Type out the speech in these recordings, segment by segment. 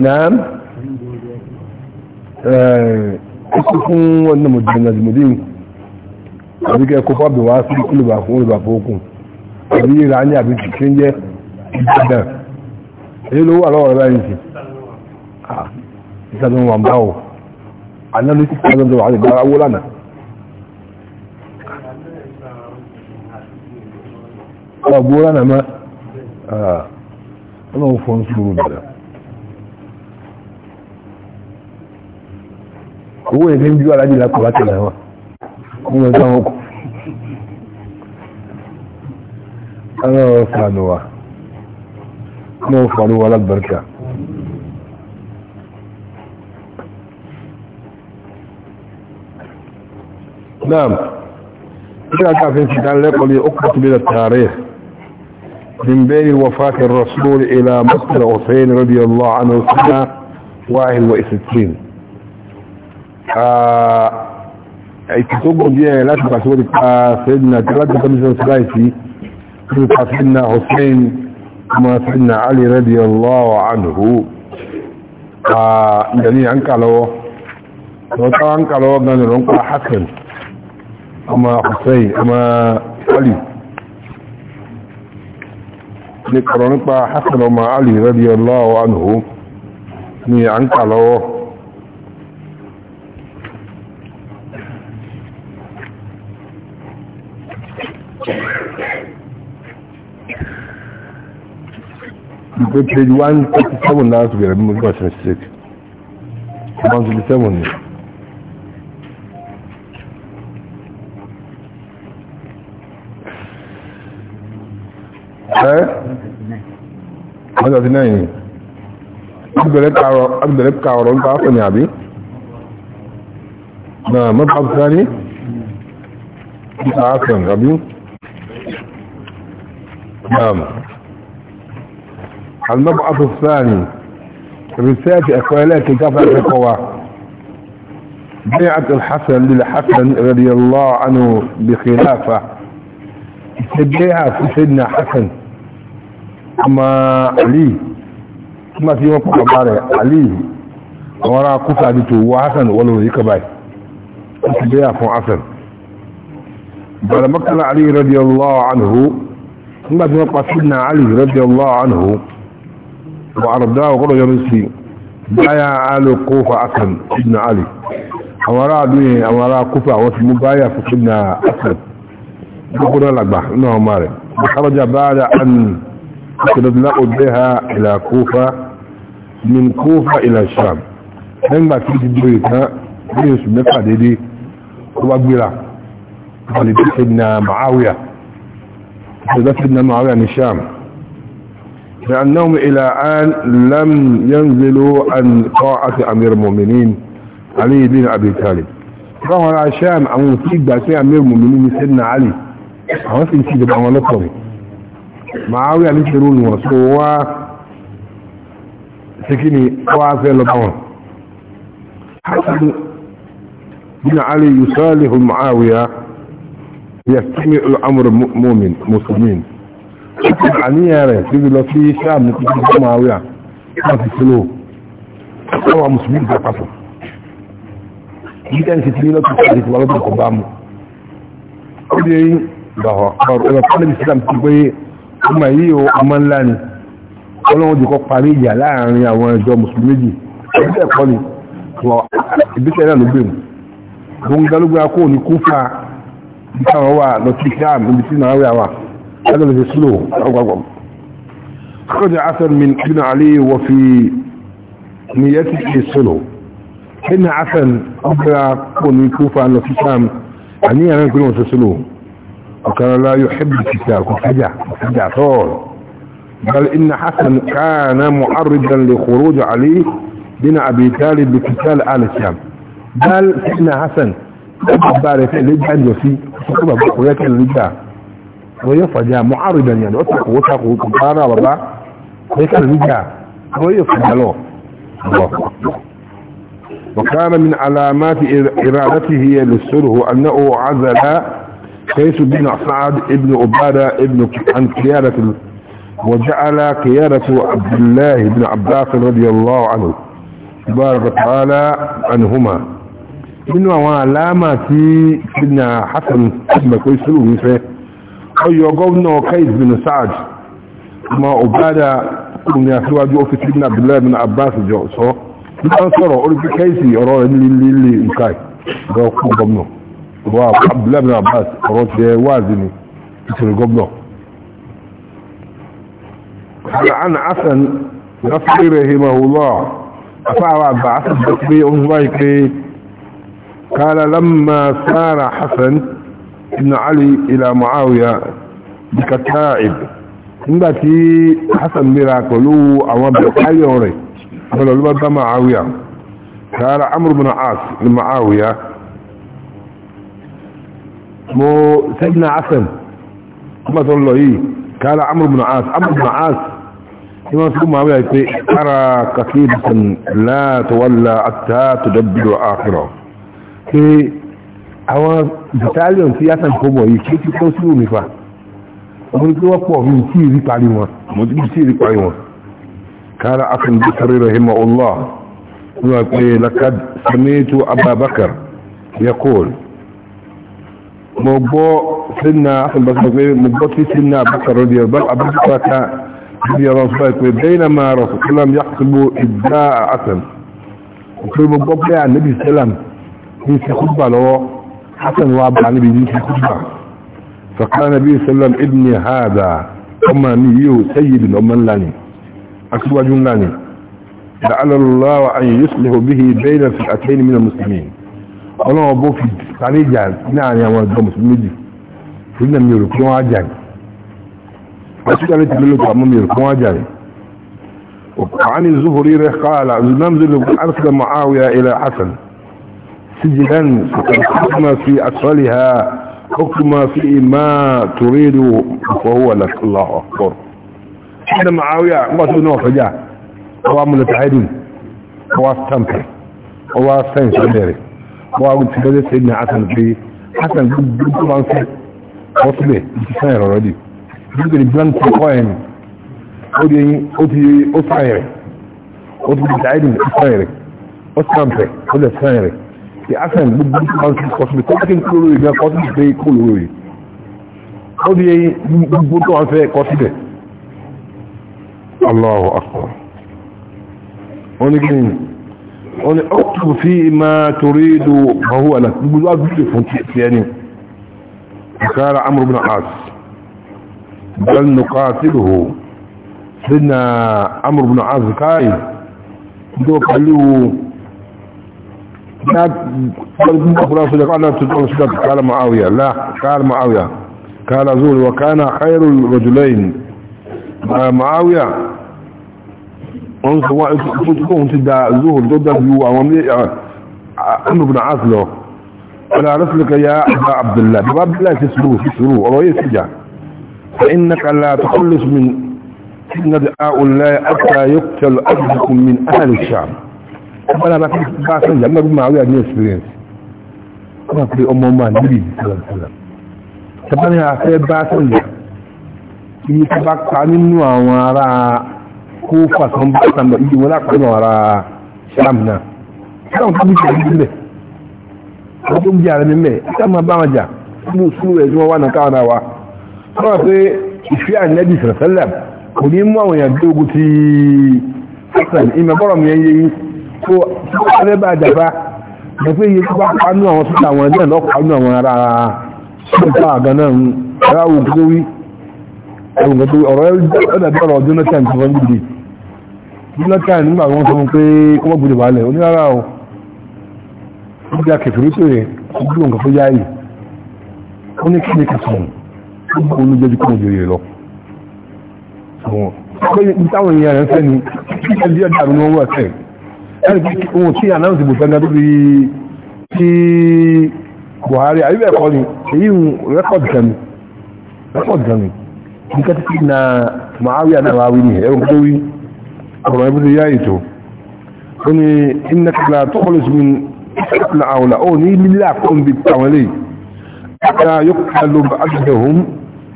نعم eh, ẹkùnkùn wọn náà mọ̀dínàdínàdín àbíkẹ́ ẹkùn fábẹ̀ wá sí olùbà fún olùbà fókùn àbí ìrà ní àbí kìkí ń jẹ́ ìgbàdàn èyí ló wà lọ́wọ́ rẹ̀ yìí sí ìsàdùn wà bá ò analysis thousand dollars àti ìgbàra owó lánàá ọgbó lánàá mọ́ ọlọ́run fọ́n sùúrù bẹ̀rẹ̀ owó èdè ń ju alájì lápò láti là wọn wọn ń sáwọn kù ọlọ́run fàánù wa ọlọ́run fàánù wa alábàárkà نعم كما كان في تعليق لأقبة من التاريخ من بين وفاة الرسول إلى مصر حسين رضي الله عنه سنة 61 ìtìtógùn ah, díẹ̀ láti pàṣíwò ti pa sẹ́dìnà tí láti commission society tí pa sẹ́dìnà hussein ọmọ sẹ́dìnà ali radiyallahu anhu ah, ìdàní à ń kà lọ́wọ́ tọ́ta ń kà lọ́wọ́ gan lọ́n pa hassan ọmọ hussein ọmọ ali ní kọ̀rọ̀ nípa hassan ọmọ ali radiyallahu anhu ni à ń pé page one thirty seven náà ti bẹ̀rẹ̀ mímú nígbà tí mo ṣe one thirty seven ni. Eh? ẹ́ one thirty nine abẹ̀rẹ̀ kààrọ̀ nípa afẹ́ ni àbí náà mọ́ta sáré nípa afẹ́ ni àbí náà المبعث الثاني رسالة أقوالات كفر القوى بيعة الحسن للحسن رضي الله عنه بخلافة تبيعها في سيدنا حسن أما علي ما في وقت عبارة علي وراء عدته هو حسن ولو ذيك باي تبيعها في حسن بعد مكتل علي رضي الله عنه ثم في وقت سيدنا علي رضي الله عنه وعرضاه وقالوا يرسي بايع آل كوفة أسد ابن علي أمراء دوية أمراء كوفة واسمو بايع فقدنا أسد يقولنا لك بح إنه ماري وخرج بعد أن تدلقوا بها إلى كوفة من كوفة إلى الشام لما كنت دويتها بيس مقعد دي وأقبلها قال سيدنا معاوية سيدنا معاوية عن الشام لأنهم إلى الآن لم ينزلوا عن طاعة أمير المؤمنين علي بن أبي طالب راهو العشام أو سيد باتي أمير المؤمنين سيدنا علي هو سيد سيد بن عمال معاوية نشرون وصوا سكني وعافية لبعون حسن بن علي يصالح معاوية يستمع الأمر مؤمن مسلمين àníyàn rẹ̀ tí lọ sí sáàmù ní kúrò fún àwíyà wọ́n ti sílò wọ́n musulmi ìgbà pàtó yíká ní sí ti ní lọ́tí sáàrí tí wọ́n lọ́tí kò bá mú ó dé ìgbàhọ̀ ọ̀rọ̀ fún ẹbí sílám ti pé ọmọ yìí o ọmọ ńlá ni ọlọ́run ti kọ́ parí ìjà láàrin àwọn ẹjọ́ musulmi méjì ẹgbẹ́ ẹ̀kọ́ ni ìbísẹ̀ náà ló gbé mu gbóngbálógbé akó ní kúfà nípa wọn wà lọ sí sáàmù níbi tí náà wà هذا الذي يسلوه خرج عسل من ابن علي وفي نيته يسلوه حين عفن أبدا كون من كوفة في شام عني أنا يكون يسلوه وكان لا يحب الكتاب فجع فجع طول بل إن حسن كان معرضا لخروج علي بن أبي تالي بكتال آل الشام بل إن حسن أبدا بارك لجأ يسي فقط بقوية لجأ ويفجع معارضا يعني اتقوا اتقوا كبارا وبا ويكال رجع ويفجع له وكان من علامات إرادته للسره أنه عزل قيس بن سعد ابن عبادة ابن عن قيادة وجعل قيادة عبد الله بن عباس رضي الله عنه تبارك تعالى عنهما إنه علامة سيدنا حسن ابن قيس الوفاه ọyọ gọ́ọ̀nà kais bin saad ma ọ̀bádà ní aṣíwájú ọ́fíìsì ibn abdullahi bin abbas jọ sọ nípa sọ̀rọ̀ orí kaisi ọ̀rọ̀ rẹ̀ nílé nǹkan ìgbà ọkọ̀ gọ́ọ̀nà wa abdullahi bin abbas ọ̀rọ̀ tẹ wáàzì ni ìṣẹ̀lẹ̀ gọ́ọ̀nà عن عسن نصري رحمه الله أفعوا قال لما سار حسن ابن علي الى معاوية بكتائب انتي حسن ميراك ميراكلو اوامد حيوري اولو لبدا معاوية قال عمر بن عاص لمعاوية مو سيدنا عسن ما تقول له ايه قال عمر بن عاص عمر بن عاص كما سيقول معاوية ايتي ارى كثيرة لا تولى اتا تدبر اخره àwọn battalion tí yàtàn kó mọ̀ yìí kí tí kó sí òmìfà wọ́n ní kí wọ́n pọ̀ mí tí ìrí parí wọn mo ti tí ìrí parí wọn kára afin bukari rahima allah wọ́n wá pé lakad samitu ababakar yakol mo gbọ́ sinna afin bakar pé mo gbọ́ tí sinna abakar rọ̀dí ọ̀bá abakar ta bí ọ̀rọ̀ sọ pé bẹ́ẹ̀nà máa rọ̀ sọ́kúnlám yàtúbò ìdá àtàn pé mo gbọ́ pé ànábì sẹ́lám ní ìsẹ́kúgbà lọ́wọ́ حتى الوعب عن بيديك الخطبة فقال النبي صلى الله عليه وسلم ابني هذا أمانيه سيد أمان لاني أكبر جون لاني لعل الله أن يصلح به بين فئتين من المسلمين الله أبو في ثاني جال نعم يا مولد المسلمين دي فلنا ميرو كما جال أسوك أنت من لك أمام ميرو كما جال وعن الزهري قال نمزل أرسل معاوية إلى حسن سجنا حكم في أسفلها حكم في ما تريد فهو لك الله أكبر هذا معاوية قصد نوع فجاء هو عمل تعيدون هو استمتع هو استنس عليه هو تجد سيدنا حسن في حسن طبعا بانسي وصله بتساير الرديف يمكن البلان تقوين ودي ودي أسعيري ودي تعيدون أسعيري أستمتع كل أسعيري ti asan gbogbo kansu kọsùmí tó kí n kúrò lórí gan kọsùmí pé kó lórí ó di gbogbo tó wọn fẹ́ kọsùmí Allahu akbar wọ́n ní kí ni wọ́n ní ọ́tù fi ma torí ìdò ọ̀húwà náà gbogbo agbègbè fún ti ẹni ìkára amru bin as قال معاوية لا قال معاوية قال زول وكان خير الرجلين آه، معاوية أنت وقفتكم تدع زهر ضد بيو عمامي أمر بن عاصله أنا رسلك يا أبا عبد الله أبا عبد الله تسلوه تسلوه أرأيه سجع فإنك لا تخلص من فتنة هؤلاء حتى يقتل أحدكم من أهل الشعب ọgbọ́n abá kí bá sọ ìyá mẹ́rin máa wíyà ní experience wọ́n máa pe ọmọ ọmọ àníbì ìdíjọ́lá sábà ní afẹ́ bá sọ ìyá iye tí bá pa nínú àwọn ará kó fàtàn bá sàmì iye wọn lápá nínú ará sàm náà sáwọn tó bí jẹ ní ilẹ̀ wọ́n tó ń jẹ ààrẹ mímẹ́ ẹ̀ka máa bá wọn jà mú sùúrù ẹ̀ tí wọ́n wà náà káwọn náà wá wọ́n máa ìfẹ́ àníbì sàrẹ̀sẹ́lẹ̀ kò ní mú àwọn èèyàn dé ogun ti sàtàn ìmọ̀ bọ́rọ̀ tó ẹgbẹ́ bá àjàfà mọ̀ pé iye tó bá pánú àwọn tó tàwọn ẹgbẹ́ lọ́pàánú àwọn ará ṣíkà àgá náà ń ará òkú tó wí ọ̀rọ̀ ẹ̀dàbí ọ̀rọ̀ Jonathan tó wọ́n gbìdì Jonathan nígbà wọn sọ pé kọ́mọ̀ gbìdì wàlẹ̀ onírárá o ó jẹ́ kẹfìrí tó yẹ ó gbúrò nǹkan tó yáyì ó ní kí ni kẹsàn ó gbọ́ olójẹ́jú kọ́mọ̀ jòyè lọ àwọn ìtàwọn èèyàn rẹ̀ fẹ́ ni kí ẹ díẹ̀ dàrú ni wọ́n wọ́ ẹ̀fẹ́ ẹni ohun tí anáǹsì bò sẹ́ni àdúgbò tí Buhari àyíbẹ̀ ẹ̀kọ́ ni èyí ń rẹ́kọ̀dì kẹ́mi rẹ́kọ̀dì kẹ́mi bí kẹ́tí sí na Muawiya náà wá wí ni ẹ̀rọ tó wí ọ̀rọ̀ ẹbí tó yá ètò ó ní iná kìlá tó kọlù sí mi kìlá àwòlà ó ní lílé àkóńbi tàwọn eléyìí ká yóò ká ló bá àgbẹ̀ òun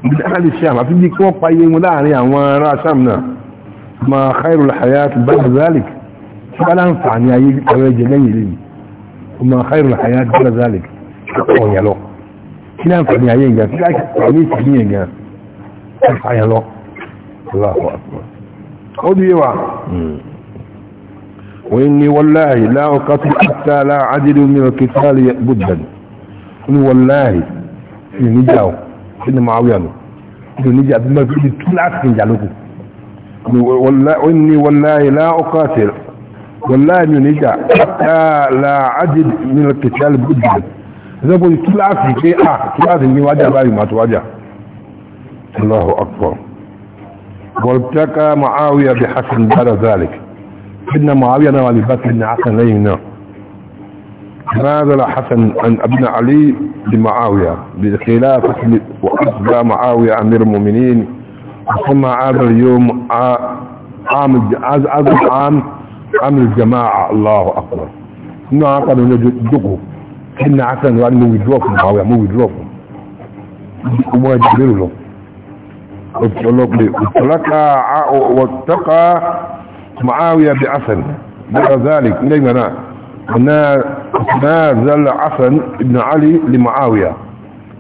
bí káàlì sàm àfi bí kí wọ́n pa iye wọn láàrin àwọn ará sàm náà ma khairul hayat bá فلا نفع أن يجب أن يجني لي وما خير الحياة دون ذلك شكرا يا لو كلا نفع أن يجب في ذلك تعليس أن يجب نفع يا لو الله أكبر قضي وإني والله لا أقتل حتى لا عدل من القتال بدا قل والله في نجاو إن معاوية إن نجا بما في طلعت من جعلكم وإني والله لا أقاتل والله من يجع لا, لا عدد من القتال بدا إذا قلت كل عصر شيء آه كل من واجه باقي ما تواجه الله أكبر والتقى معاوية بحسن بعد ذلك إن معاوية نوالي بطل عسن لينا نازل حسن عن ابن علي بمعاوية بخلافة وأصبع معاوية أمير المؤمنين ثم هذا اليوم عام عام عن الجماعة الله أكبر إنه عقد نجدقه إن عسن وأنه يدوكم أو يعمو يدوكم وما يجبروا له واتلقى واتقى معاوية بعسن بعد ذلك منا ليمنا نازل عسن بن علي لمعاوية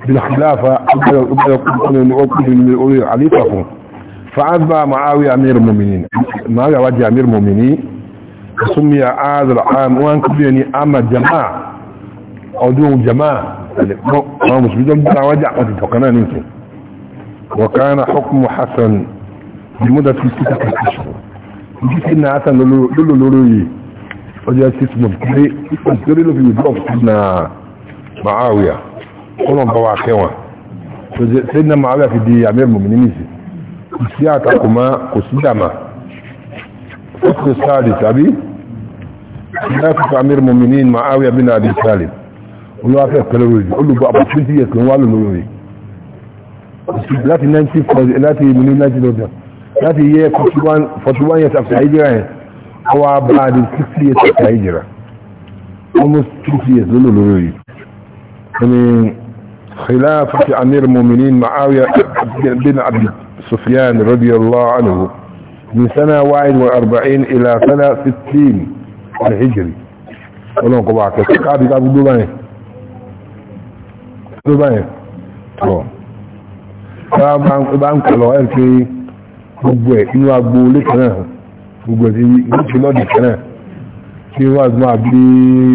بالخلافة خليفهم فعذب معاوية أمير المؤمنين معاوية وجه أمير المؤمنين سمي هذا العام وان كبيني عام الجماعة او دون جماعة ما مش بدون بلا وجع قد توقنا ننسي وكان حكم حسن لمدة ستة اشهر جيت ان حسن لولو لولوي وجاء اسمه بكري بكري له في وجوه سيدنا معاوية قولهم بواكيوة سيدنا معاوية في دي عمير مؤمنين سياتكما قسدما الفصل السادس أبي خلافة أمير المؤمنين معاوية بن أبي سالم ولو أفعل كالوريج قل له بقى بشنت يسلم وعلى المؤمنين láti 1940 láti ìmúlé 1940 láti yẹ 41 years after hijira yẹn ọwọ́ bá di 60 years after hijira almost 50 years lónà lórí yìí ẹni خلافة أمير المؤمنين معاوية بن أبي سفيان رضي الله عنه من سنة واحد واربعين الى سنة ستين الهجري ولن قبعك كابي كابي دوباني دوباني bá ń kọlọ̀ ẹ̀ pé gbogbo ẹ̀ inú agbo olé kanáà gbogbo ẹ̀ tí lọ́dì kanáà tí wọ́n àti máa bí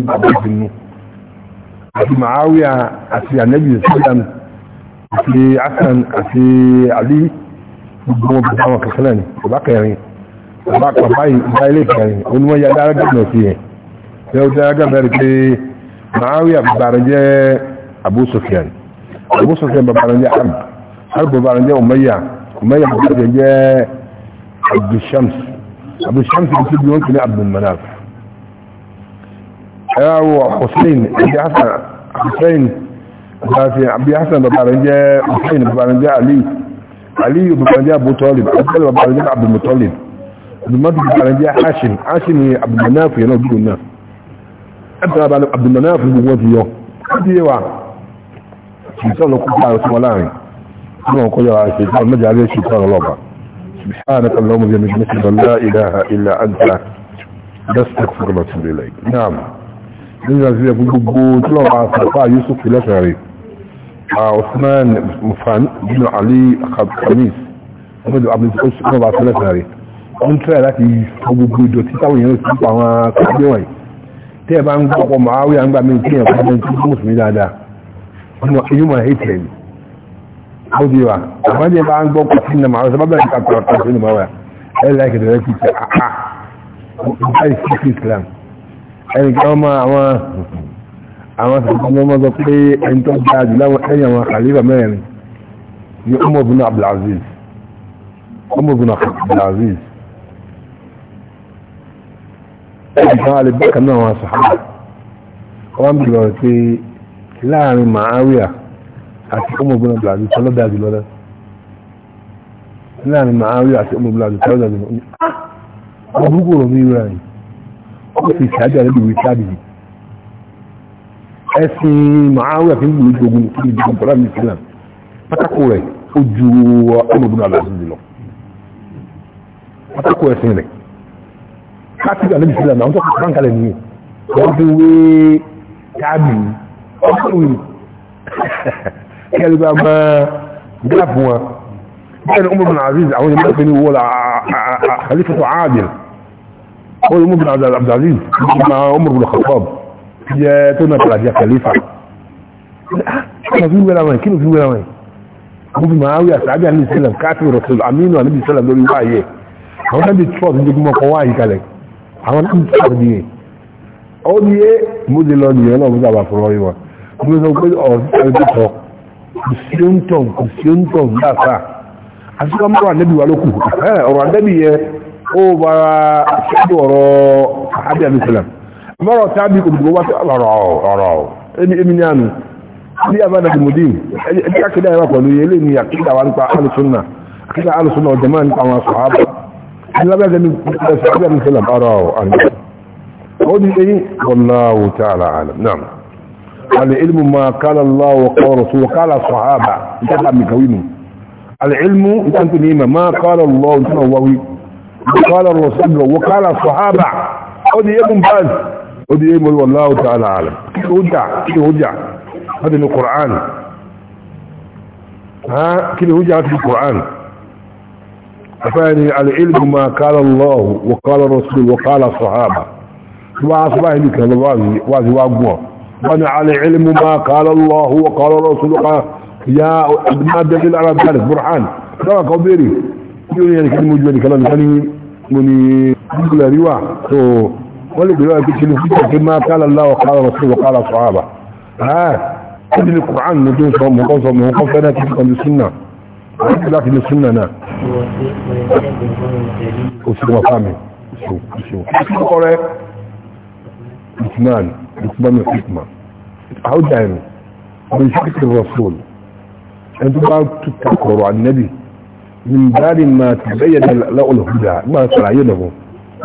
bàbá ìsinú àti ma'áwíà àti ànẹ́bì sọ́dán àti asan àti alí gbogbo wọn bàbá wọn kankan náà ni bàbá kẹrin bàbá bàbá ìgbà ilé kẹrin onímọ̀ ya dára gàdùnà sí yẹn yẹ ó dára gàdùnà rí pé màáwí àbúbà rẹ jẹ́ Abu Sufyan Abu Sufyan bàbá rẹ jẹ́ Harb Harb bàbá rẹ jẹ́ Umayya Umayya bàbá rẹ jẹ́ Abdushams Abdushams ti bí ẹ̀rọ Hussein ẹ̀jẹ̀ Hassan Hussein jẹ́ Hussein bàbá jẹ́ Ali aliyu bukanjẹ́ abu talib abdul bukanjẹ́ abdul mutalib abdulmadu bukanjẹ́ hashim hashim ni abdulmanaf yẹn náà dúró náà ẹ̀bùn abdulmanaf gbogbo ti yọ láti yẹ wa ṣùgbọ́n lọ kúkú àwọn tí wọ́n láàrin tí wọ́n kọjá wa ṣe ìtàn mẹ́jọ alẹ́ ṣe ìtàn ọlọ́ba سبحانك اللهم وبحمدك لا اله الا انت نستغفرك ونتوب اليك نعم nígbà tí ẹgbùgbogbo tí lọ́wọ́ àfàfà Yusuf lẹ́sẹ̀ rẹ̀ عثمان مفان بن علي خميس محمد عبد القدس بن عبد الله ساري wọ́n tẹ́rẹ̀ láti gbogbo ìjọ títà òyìnbó sí àwọn akẹ́gbẹ́ wọ̀nyí tí ẹ bá ń gbọ́ ọmọ àwẹ́ àgbà mi kí ẹ̀kọ́ ẹni tí mọ̀ sí dáadáa inú mọ̀ èyí tẹ̀lé ó di wa àwọn ẹni bá ń gbọ́ ọkọ̀ sí nàmà àwọn sábàbà ìta pẹ̀lú ọ̀tọ̀ sí nàmà Islam ẹnì kan máa àwọn sàkọ́mọ́ mọ́ sọ pé ẹni tó dáa jù láwọn ẹ̀yìn àwọn khalifa mẹ́rin ni Umar bin Abdulaziz Umar bin Abdulaziz ẹ̀yìn alẹ́ bákan náà wọn sàkọ́mọ́ wọ́n bí lọ pé láàrin Muawiya àti Umar bin Abdulaziz tọ́lọ́ dáa jù lọ rẹ̀ láàrin Muawiya àti Umar bin Abdulaziz tọ́lọ́ dáa jù lọ ẹ̀sìn màáwẹ̀ fi ń wù ìgbógun fún ìgbógun bọ́lá ní ìsìlẹ̀ pátákó rẹ̀ ó ju ọmọbìnrin aláàzù jùlọ pátákó ẹ̀sìn rẹ̀ káàkiri àlẹ́ ìsìlẹ̀ náà tó kọ́ kálẹ̀ ní wọ́n fi wé tábì ọkùnrin kẹlẹ́gbà mọ́ gíláàfù wọn bẹ́ẹ̀ ni ọmọbìnrin aziz àwọn ènìyàn fi ní wọ́n la àlífẹ́tọ̀ ààbìl ọmọbìnrin abdulaziz ọmọbìnrin khattab jẹ́ tó náà tàbí àjẹ́ kẹlífà ah, kí ló fi wẹ́ra wọn kí ló fi wẹ́ra wọn mo fi máa wí àtàbí àní ìsẹ́lẹ̀ káàkiri rọ̀sẹ̀lẹ̀ àmínú àní ìsẹ́lẹ̀ lórí wáyé àwọn tàbí trọ́ọ̀t ní gbogbo ọkọ̀ wáyé kalẹ̀ àwọn tàbí trọ́ọ̀t ní yẹn ó ní yé mo lè lọ nìyẹn lọ́wọ́ sábà fọ́rọ́ yìí wọn mo sọ pé ọ̀rọ̀ ti sọ kò sí ó ń tàn kò sí ó ń tàn ní wa ló kù ọ̀rọ̀ àdẹ́bí yẹn ó bára ṣẹ́dọ̀ ọ̀rọ̀ àbí àmì ìsẹ́lẹ̀ mọ́rọ̀ tábí kò dùgbò wá sí ọ̀rọ̀ ẹni èmi ní àmì ní àbádà dìmòdín ẹni àkídà ẹwà pẹ̀lú ilé ní àkídà wa nípa alùsùnà àkídà alùsùnà ọ̀jọ̀mọ́ nípa àwọn sọ̀hábà ní lábẹ́gẹ́ ní ìpínlẹ̀ mùsùlùm ọ̀rọ̀ àmì ó di ẹyìn wallahu ta'ala alam náà al-ilmu ma qala Allah wa qala rasul wa qala sahaba ìjọba mi kàwí mu al-ilmu ìjọba tó ní ìmọ̀ ma qala Allah ìjọba wáwí wa qala rasul wa qala sahaba ó di ẹkùn báyìí ودي يقول والله تعالى عالم ودع كده ودع هذا من القرآن ها كده ودع في القرآن أفاني على علم ما قال الله وقال الرسول وقال الصحابة وعصبه لك هذا واضي واقوى وانا على علم ما قال الله وقال الرسول وقال يا ما دليل على ذلك برهان ترى قبيري يقول يعني كلمة جواني كلام ثاني مني كل رواح قولي دلوقتي كده في ما قال الله وقال رسوله وقال صحابه ها كل القران بدون صوم وقصا وقصا انا كنت عند السنه لكن السنه انا وسيم وسيم وسيم وسيم وسيم وسيم وسيم وسيم وسيم وسيم وسيم وسيم وسيم الرسول انتم بقى تتذكروا عن النبي من بال ما تبين له الهدى ما ترى يده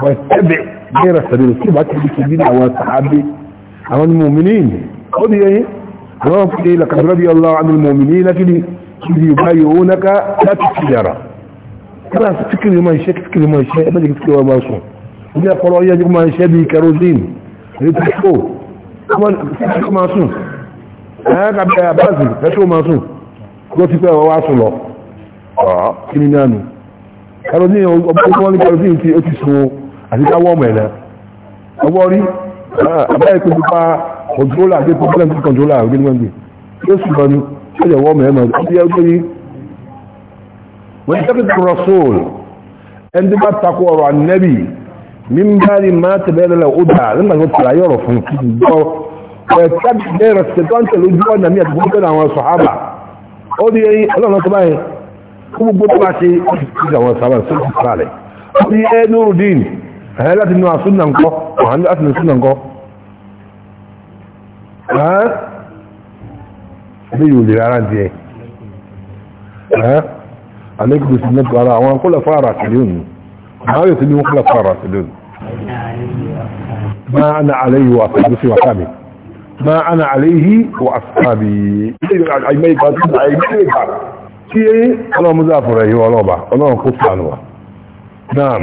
واتبع غير السبيل كيف أكتب السبيل أو الصحابي أو المؤمنين خذ إيه رب إيه لقد رضي الله عن المؤمنين كذي يبايعونك لا تتجارة خلاص فكر ما يشيك فكر ما يشيك ما يشيك فكر ما يشيك إذا قرأوا يجب ما يشيك بكروزين يتحقوه فكر ما يشيك هذا بقى بازل فكر ما يشيك ló ti fẹ́ wá sùn lọ kí ni náà nù kẹrọdín ọgbọ́n ní kẹrọdín tí ó ti sun àti ká wọ́ọ̀mù ẹ̀ náà ọwọ́ rí àbáyé pé nípa kọ̀ǹtólà àti pọ́blẹ́m sí kọ̀ǹtólà ògbé ní wọ́ndì yóò sì lọ ní ṣẹlẹ̀ wọ́ọ̀mù ẹ̀ máa ti yẹ ní wọ́n ti tẹ́kìtì rọ́sọ́ọ̀lù ẹni tó bá takò ọ̀rọ̀ ànẹ́bì mímbàlì máa tẹ̀lé lọ́la ó dà nígbà tó tẹ̀lé ayọ̀rọ̀ fún kí gbọ́ ẹ̀ẹ́dẹ́gbẹ́ rẹ̀ ṣẹ̀tọ́ntẹ̀ lójú ọ̀nà mi àti gbogbo àwọn sọ̀hábà ó di ẹ̀yẹ́ láti nú àsúnà ńkọ́ ọ̀hán láti nú súnà ńkọ́ ẹ̀hán ilé yóò lè rárá díẹ̀ ẹ̀hán alẹ́gbẹ̀ẹ́ sí mẹ́tọ́ ara àwọn kọ́lẹ̀ fara àtìlẹ́yìn ما انا عليه واصحابي وصحابي ما انا عليه واصحابي اي ما يبقى اي ما يبقى شيء انا مزافر ايوه لوبا انا كنت عنوه نعم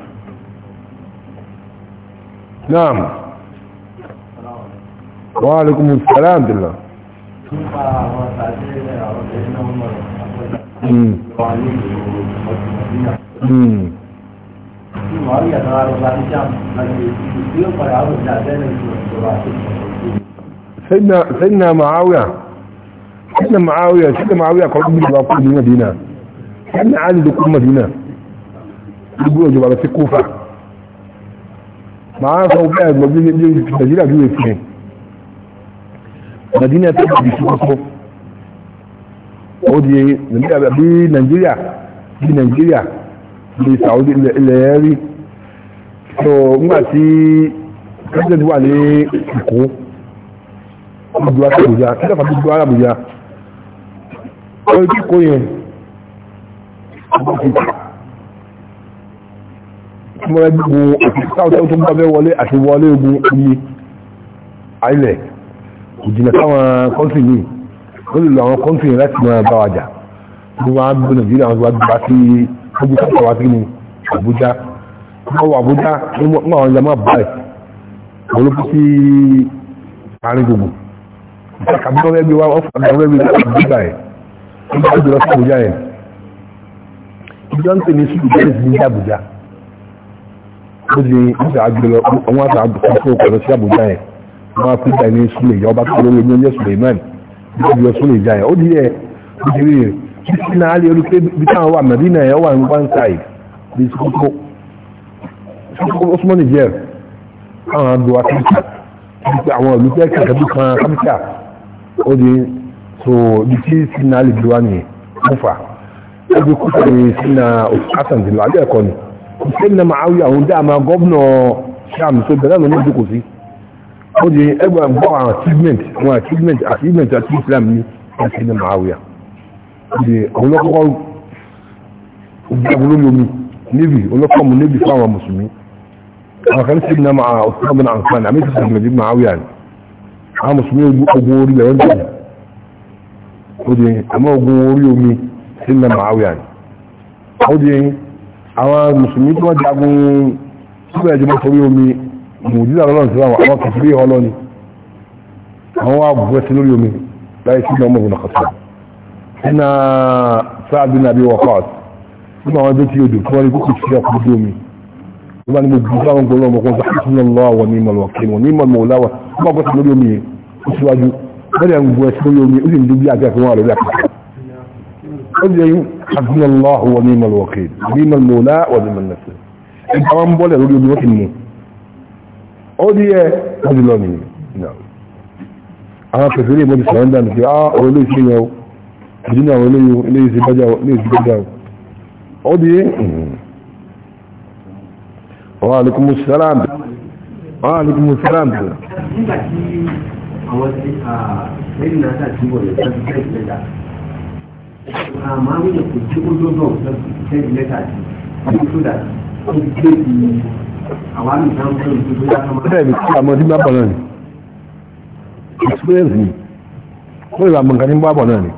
نعم وعليكم السلام بالله سيدنا معاوية سيدنا معاوية سيدنا معاوية قرب من الواقع المدينة سيدنا عالي دكتور مدينة يقولوا جبالة في كوفة máa sọ pé ẹ̀gbọ́n bí nàìjíríà bí wèé fìhìn nàìjíríà tó ti fi kókó ó di nàìjíríà bí nàìjíríà bí nàìjíríà bí sàwọ́dí ilẹ̀ ẹ̀ rí so nígbà tí president wà ní ìkó gbogbo àti àbújá kí lọ́pàá gbogbo ara àbújá ó ti kó yẹn mọ́ra gbogbo àti sáwọ́sáwọ́ tó ń bá bẹ́ wọlé àti wọlé ogun omi ilẹ̀ kò jìnà sáwọn kọ́ńtì yìí ó lè lo àwọn kọ́ńtì yìí láti máa bá wa jà tó wá gbé nàìjíríà wọn ti wá sí ojú kọ́ńtà wá sí ní àbújá wọ́n wọ àbújá wọ́n àwọn ìjàmbá àbújá ó di níta àgbélọ àwọn àti àgbélọ fún ọkọ̀ lọ sí àbújá yẹn wọ́n á fi dà ní sùlẹ̀ yẹn ọba tó lórí ẹni ọjọ́ sùlẹ̀ imán ní ọjọ́ sùlẹ̀ ìjà yẹn ó di yẹ ó di rí rẹ̀ títí náà lè rí pé bí táwọn wà mẹ́dínà yẹn wà ní one side bí sọ́kọ́ sọ́kọ́ Osman Niger àwọn àgbò àtúntà títí àwọn ìlú tẹ́ kẹ̀kẹ́ bí kan kápítà ó di so bí tí sinna lè dúró nìyẹn ó fà ó di kúta ní sinna àtàndínlá ìṣẹ́nà màáwíyà òun dá àmà gọ́ọ̀nà sham tó bẹ̀rẹ̀ lọ ní ìdíkò sí ó di ẹgbà gbọ́ àwọn achievement àwọn achievement achievement àti islam ní ìṣẹ́nà màáwíyà ìdí ọlọ́kọ́ ìgbàgbọ́n lómi níbi ọlọ́kọ́ mu níbi fáwọn mùsùlùmí àwọn kan sí ìdíná máa ọ̀sán bọ́nà àǹfààní àmì ìṣẹ́nà màáwíyà ní màáwíyà orí omi sí ìdíná ni ó àwọn mùsùlùmí tí wọ́n jagun síbẹ̀ ìjọba torí omi mùjílà lọ́nà sí àwọn àwọn kìfìrí ọlọ́ni àwọn àbúgbẹ́ sí lórí omi láì sí ọmọ ìbùnà kọ̀tọ̀ ẹ̀nà sáàbí nàbí wọ́kọ̀t nígbà àwọn ẹgbẹ́ tí odò tí wọ́n rí kókò sí ọkọ̀ ojú omi nígbà ní gbogbo sáwọn gbọ́lọ́ ọmọ kan sáà tún lọ àwọn ní ìmọ̀lọ̀ kí wọn ní ìmọ̀lọ̀ ọ̀láwà nígbà ọgbẹ́ gbọ́ حسبي الله ونعم الوكيل ونعم المولى ونعم النصير انت ما بقول لي دي وكيل او دي ادي مين نعم انا كثير ما بيسمعون ده في اه ولي شنو الدنيا ولي ولي زبجا ولي زبجا او دي وعليكم السلام وعليكم السلام àmọ́ àwọn èèyàn kò tí ó lọ́dọ̀ sẹ́ẹ̀dì lẹ́tà sí i tó dà ó ti gbé ti àwa mi náà ń bẹ̀rù tó bóyá sọmọ. bẹ́ẹ̀ ni kí àmọ́ tí bá bọ̀ náà ni experience ni ó àmọ́ nǹkan bá bọ̀ náà ni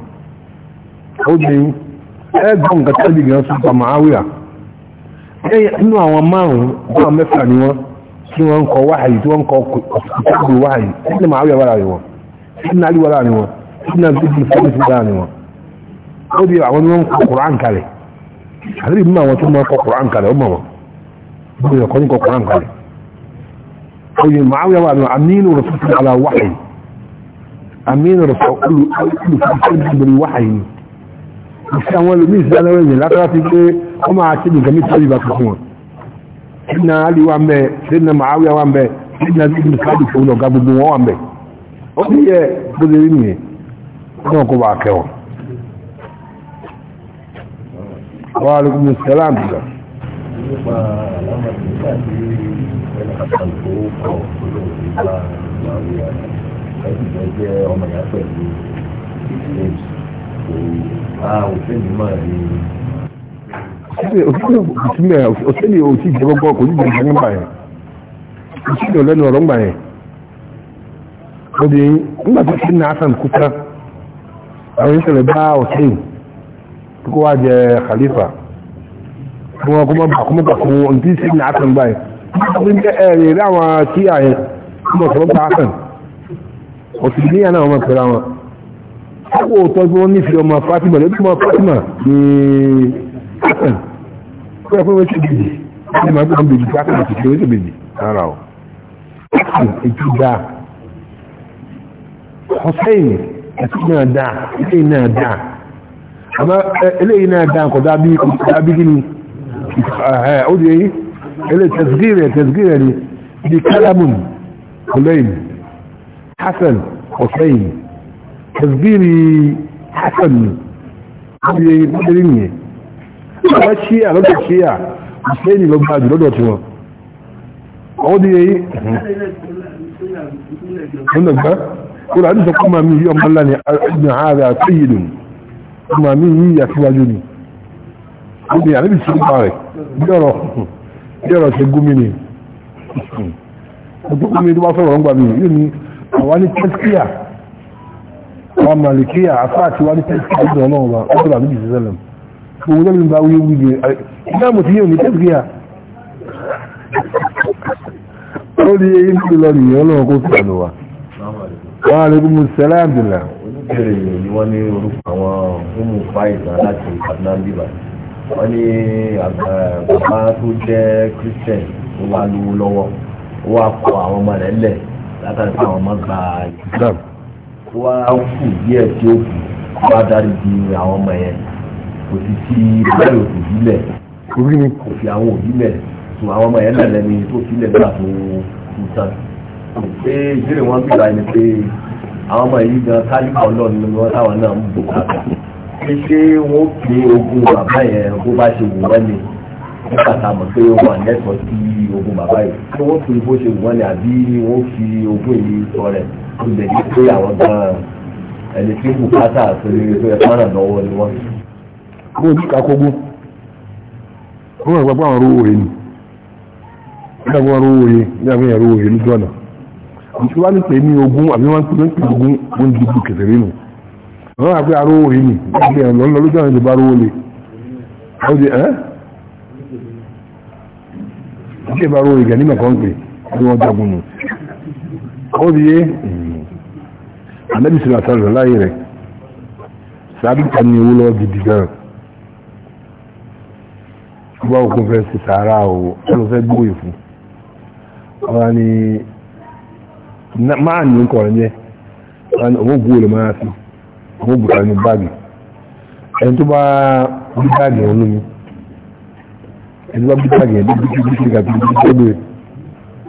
ó di nǹkan tẹ́lẹ̀ gan ó di àwọn wọn kọ Kùránì kalẹ̀ àti ìmú àwọn tó kọ kalẹ̀ ó wọn kọ Kùránì kalẹ̀ ó yẹ Muawiya wà ní amínú rasulun ala wahyi amínú rasulun ala wahyi ni ti gbogbo wọn wà wa alaikum salam nípa àwọn ìgbà tí ẹnì kan tó kọ̀ olóògbé bá àwọn ẹ̀sìn jẹ́ ọmọ ìyá pẹ̀lú ìdílé kò bá òfin mímọ́ rí òsèlè òsì jẹ gbogbo kò ní jẹ nígbà yẹn òsèlè ọlẹ́nu ọ̀rọ̀ ńgbà yẹn obìnrin nígbà tó ṣe ní asan kúta àwọn ìṣẹ̀lẹ̀ bá òsèlè kó wá jẹ khalifa fún wọn kúmọ̀ kúmọ̀ kúmọ̀ ohun tí sí ní asan báyìí wọ́n ti ẹ̀rẹ̀ láwọn tí àyẹ kúmọ̀ sọ̀rọ̀ pa asan òsì ní àná ọmọ pẹ̀lú àwọn ẹ̀kọ́ òótọ́ tí wọ́n nífẹ̀ẹ́ ọmọ Fatima lórí ọmọ Fatima ní asan fún ẹ̀kọ́ wọ́n ti bèjì wọ́n ti Hussein ẹ̀sìn náà dáa ilé náà dáa àmọ́ eléyìí náà dá nǹkan dábí kí ni ó di èyí ilé tẹ̀sígìrẹ̀ tẹ̀sígìrẹ̀ ni bí kalamun kulayn hassan hussein tẹ̀sígìrì hassan ni ó di èyí ó di nìyẹn àwọn ṣíyà lọ́dọ̀ ṣíyà hussein ló gbájú lọ́dọ̀ tí wọn ó di èyí ó lọ́gbà kúrò àdúgbò kọ́mà mi yí ọmọ ńlá ni ibn haza sayyidun ọmọ mi yí yàtíwájú ni níbi àníbi sí ipa rẹ̀ bí ọ̀rọ̀ bí ọ̀rọ̀ ṣe gúnmi ni ọjọ́ gúnmi tó bá sọ̀rọ̀ ń gbà mí yóò ní àwa ní tẹ́síkíà àwọn màlìkíà afá àti wa ní tẹ́síkíà ọdún ọlọ́run wa ó sọ̀rọ̀ àníbi sísẹ́lẹ̀ owó lẹ́nu bá wíyé wíyé ìgbà mo ti yé òní tẹ́síkíà ó ní eyín tó lọ nìyẹn ọlọ́run kó sọ̀rọ̀ wa. wàhálà ikú mu sẹ́lẹ̀ àbdùlá béèrè yìí ni wọ́n ní orúkọ àwọn fúnmù fáìlì láti Kaduna bíbá wọ́n ní eh, bàbá tó jẹ́ Christian tó wà lówó lọ́wọ́ ó wá kọ àwọn ọmọ rẹ̀ lẹ̀ látàrí pé àwọn ọmọ gba Islam ó wá kù díẹ̀ tí ó kù ó wá dárí di àwọn ọmọ yẹn kò sì fi bẹ́ẹ̀ òkú sílẹ̀ orí mi kò fi àwọn òbí lẹ̀ tó àwọn ọmọ yẹn lẹ̀ lẹ́ni tó sílẹ̀ nígbà tó kú tán pé ìbéèrè wọn bí ra ẹni pé àwọn ọmọ yìí gan kálíkà ọlọ́run ni wọ́n táwọn náà ń bò kàkà pé ṣé wọ́n pé ogun bàbá yẹn bó bá ṣe wù wọ́n ni nígbà tá mọ̀ pé wọ́n wà lẹ́tọ̀ọ́ sí ogun bàbá yìí pé wọ́n fi bó ṣe wù wọ́n ni àbí wọ́n fi ogun yìí sọ rẹ̀ tó lè ní pé àwọn gan ẹni tí kù kátà àtúnyẹ tó yẹ lọ́wọ́ ni wọ́n. mo wọ́n rẹ̀ gbàgbọ́ àwọn rówó wọ́n ìtí wá ní pé ní ogún àbí wọ́n ti lóńtì ogún wọ́n ti dùkú kẹsẹ̀rẹ́ nù wọ́n wà pé arówó rí ni wọ́n ti ẹ̀rọ lọ lójú àwọn ìjọba arówó le ó di ẹ́ ìjọba ìbá arówó ìgà nígbà kan pé bí wọ́n jagun nù ó di yé ànábì sinmi àtàlù láyé rẹ̀ sábì kan ní owó lọ gidi gan báwo kò fẹ́ ṣe sàárà o ẹnu fẹ́ gbóyè fún wọn ni máa ní nǹkan ọ̀rọ̀ yẹn àwọn ògbó olè máa fi àwọn ògbó kan ní báàgì ẹni tó bá bí báàgì ọ̀hún ní ẹni tó bá bí báàgì ẹ̀dí bí bí bí kàbí bí tó lè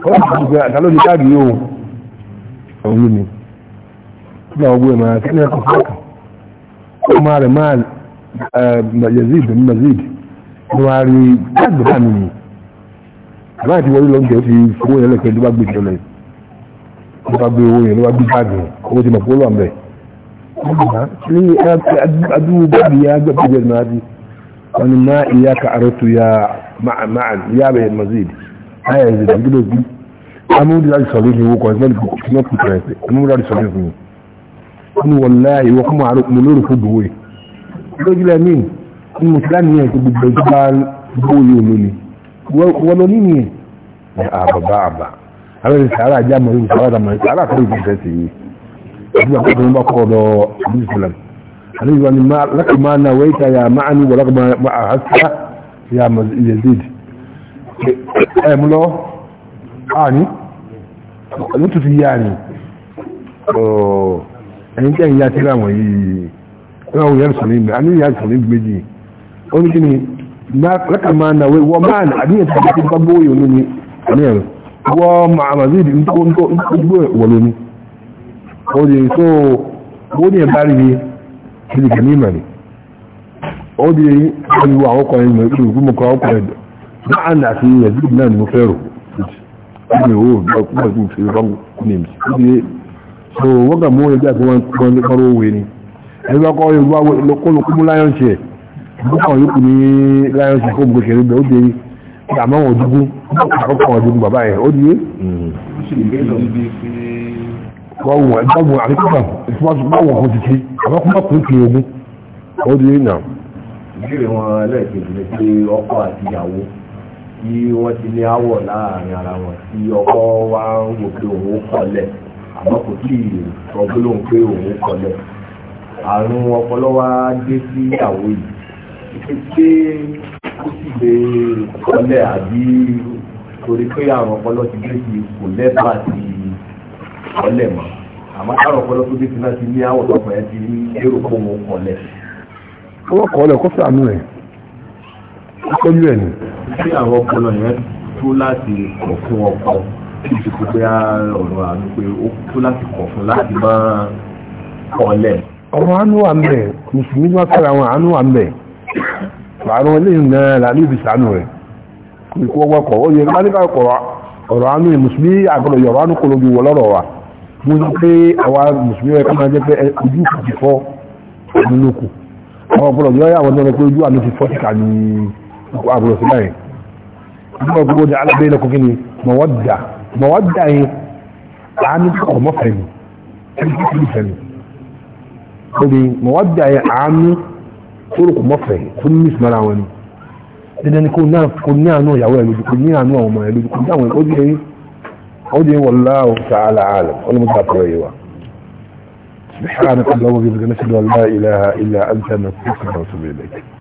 ọ̀rọ̀ àti pé àtàlọ́ ní báàgì yóò ọ̀hún ní tí àwọn ògbó máa fi ní ẹ̀kọ́ fọ́ọ̀kà ó máa rẹ̀ máa yazid ní mazid ní wàá rí báàgì bá mi nì àbáyé ti wọlé lọ́njẹ́ fi fowó yẹn lẹ́kọ̀ọ́ ẹni tó bá gbé ìjọ lẹ́yìn ló bá gbé owó yẹn ló bá gbé báàgì owó ti mọ̀ kó lọ́n bẹ̀. ní adúgbò báàgì yẹn agbẹ́ pẹ̀lú ẹ̀dùn àti wọn ni máa ìyá ka àròtù ya máa ìyá bẹ̀ mazid ayé ẹ̀zẹ̀ dàbí ló bí. amúdí láti sọ̀rọ̀ ní owó kan ẹ̀sìn náà kò kí wọ́n kú tẹ̀lé amúdí láti sọ̀rọ̀ fún mi. wọ́n ni wọ̀lá ìwọ kọ́ máa mo lórí fún gbowó yìí. lójú lẹ́mìn ní mo ti láníyàn tó gbogbo ẹ̀jọ̀ gbowó yìí òun àwọn ìrìn sàárà ajá mọ̀ ìrìn sàárà àmọ̀ sàárà tó ìrìn fẹ́ sí yìí àdúgbà tó ń bá kọ́ ọ̀dọ̀ àbúrò sàlẹ̀ àdúgbà wọn ni láti máa na wẹ́ ìta ya máa ní wọ́n lákàmá àhásá ya mọ̀ Yazid ẹ mú lọ àní ló tún fi yá ni ẹni tẹ́ ẹ̀rọ wọ́n mazid nígbò wọlé ní ó di so ó ní ẹ̀bá rí ní kìí mẹ́rin ó di àwọ́kọ̀ ẹni mẹ́rin fún mọ́kọ̀ àwọ́kọ̀ ẹ̀dọ̀ náà nà sí náà ni mo fẹ́rù so wọ́n gà mọ́ ẹgbẹ́ àti wọ́n kọ́rọ̀ òwe ni ẹgbẹ́ ọkọ̀ ẹgbẹ́ ọkọ̀ lọ́kọ́lọ́kọ́ mú láyọ́nṣẹ́ bọ́kọ̀ yóò kù ní láyọ́nṣẹ́ fún gbẹ̀kẹ̀rẹ̀ bẹ̀ ó dé àmọ́ wọn ojúgún àkọ́kọ́ wọn ojúgún bàbá yẹn ó di é wọ́n wọ́n gbọ́gbọ́n àríkọ́kọ́ ìfúnwọ́sùgbọ́wọ́n kò títí àmọ́kúnmọ́ kò é náà. ìbéèrè wọn lẹ́ẹ̀kejì ni pé ọkọ àti ìyàwó àrùn ọpọlọ dé sí ìyàwó yìí ó sì lè kọ́lẹ̀ àbí torí pé àrùn ọpọlọ ti dé ti kò lẹ́bà ti kọ́lẹ̀ mọ́ àmọ́ àrùn ọpọlọ tó dé ti náà ti ní àwọn ọ̀dọ́gbọ̀n yẹn ti ní èrò kó wọn kọ́lẹ̀. wọ́n kọ́lẹ̀ kó sànú ẹ̀ kọ́jú ẹ̀ ni. ṣé àwọn ọpọlọ yẹn tó láti kọ̀ fún ọkọ kí ti kó pé ọ̀rọ̀ àánú pé ó tó láti kọ̀ fún láti máa kọ́lẹ̀. ọ̀rọ̀ àánú wà ń bẹ̀ mùsùlùmí wá kára àwọn àánú wà ń bẹ̀ àwọn eléyìn náà làlú ìfi sànù rẹ̀ kò wọ́kọ̀ ó yẹ ká ní káàkọ̀ ọ̀rọ̀ anú mùsùlùmí àgbọ̀dọ̀ yọ̀rọ̀ anú kò lójú wọlọ́rọ̀ wa mo ní pé àwa mùsùlùmí ẹ̀ká máa jẹ́ pé ojú kò ti fọ́ nínú kù àwọn ọ̀pọ̀lọ̀ yọ àwọn ọ̀dọ́ pé ojú àmì ti fọ́ síta ní àgbọ̀dọ̀ sí báyìí nígbà gbogbo di alábẹ́ ilẹ̀ kókè ni àánú kóró kò mọ́fẹ̀ kó ní mísì mara wọn ni dandan ni kò ní àánú ìyàwó ẹ̀ lójú kò ní àánú àwọn ọmọ ẹ̀ lójú kò ní àwọn ọdún yẹn ọdún yẹn wallahu ta'ala a'lam ọlọ́mọ tó yìí wa subhanaka allahumma wa bihamdika nashhadu an la ilaha illa anta nastaghfiruka wa natubu ilayk